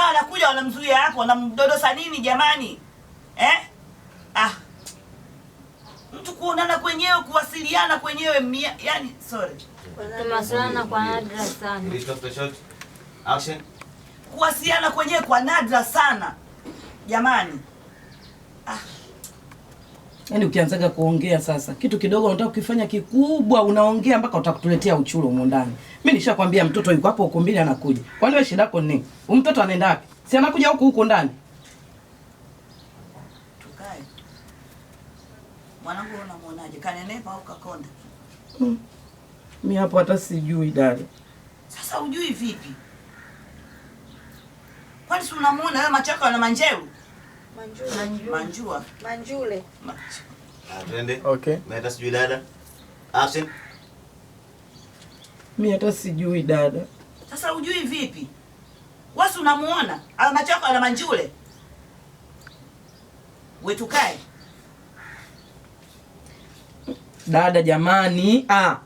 kadhaa wanakuja wanamzuia hapo, wanamdodosa nini jamani eh? Ah, mtu kuonana kwenyewe kuwasiliana kwenyewe mia, yani sorry, tunawasiliana kwa nadra sana, kuwasiliana kwenyewe kwa nadra sana jamani ah. Yaani ukianzaga kuongea sasa, kitu kidogo unataka kukifanya kikubwa, unaongea mpaka utakutuletea uchuro humo ndani. Mimi nishakwambia mtoto yuko hapo ukumbini anakuja. Kwa nini shida yako ni? Huyu Mtoto anaenda wapi? Si anakuja huko huko ndani. Tukae. Mwanangu unamwonaje? Kanenepa au kakonda? Mm. Mimi hapo hata sijui dada. Sasa ujui vipi? Kwani si unamwona wewe machaka na manjeu? Manjua. Manjule. Ah, twende. Okay. Naita sijui dada. Absent. Mimi hata sijui dada. Sasa ujui vipi? Wasi unamuona alama chako ala Manjule. Wetukae dada, jamani ah.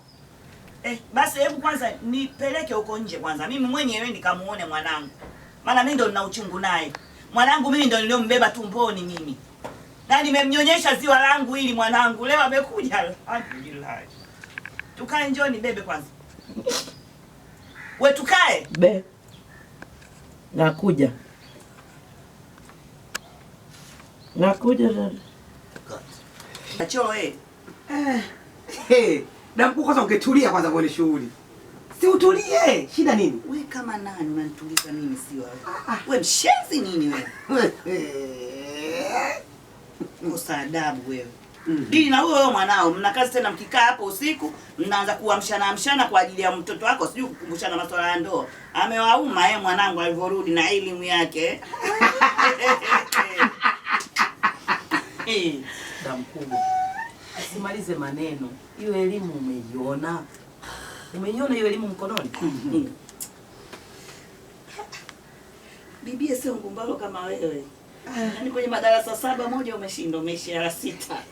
Eh, basi hebu kwanza nipeleke huko nje kwanza mimi mwenyewe nikamuone mwanangu, maana mimi ndo nina uchungu naye mwanangu mimi ndo niliombeba tumboni mimi na nimemnyonyesha ziwa langu ili mwanangu leo amekuja. Alhamdulillah, tukae, njoo bebe kwanza. We tukae be, nakuja nakuja dada. Achoo eh, eh, hey. Eh. Damku kwanza, ungetulia kwanza kwenye shughuli Si utulie, shida nini? We kama nani unanituliza mimi si wewe. Ah, ah. we mshenzi nini wewe? Kosa adabu wewe. Mm -hmm. Dini na huyo mwanao mna kazi tena, mkikaa hapo usiku mnaanza kuamshana amshana kwa ajili ya mtoto wako, sijui kukumbushana masuala ya ndoa. Amewauma yeye mwanangu alivyorudi na elimu yake damkubwa. Asimalize maneno, hiyo elimu umeiona Umeiona hiyo elimu mkononi? Bibie sio ngumbalo kama wewe. Yaani kwenye madarasa saba moja umeshinda, umeishia sita.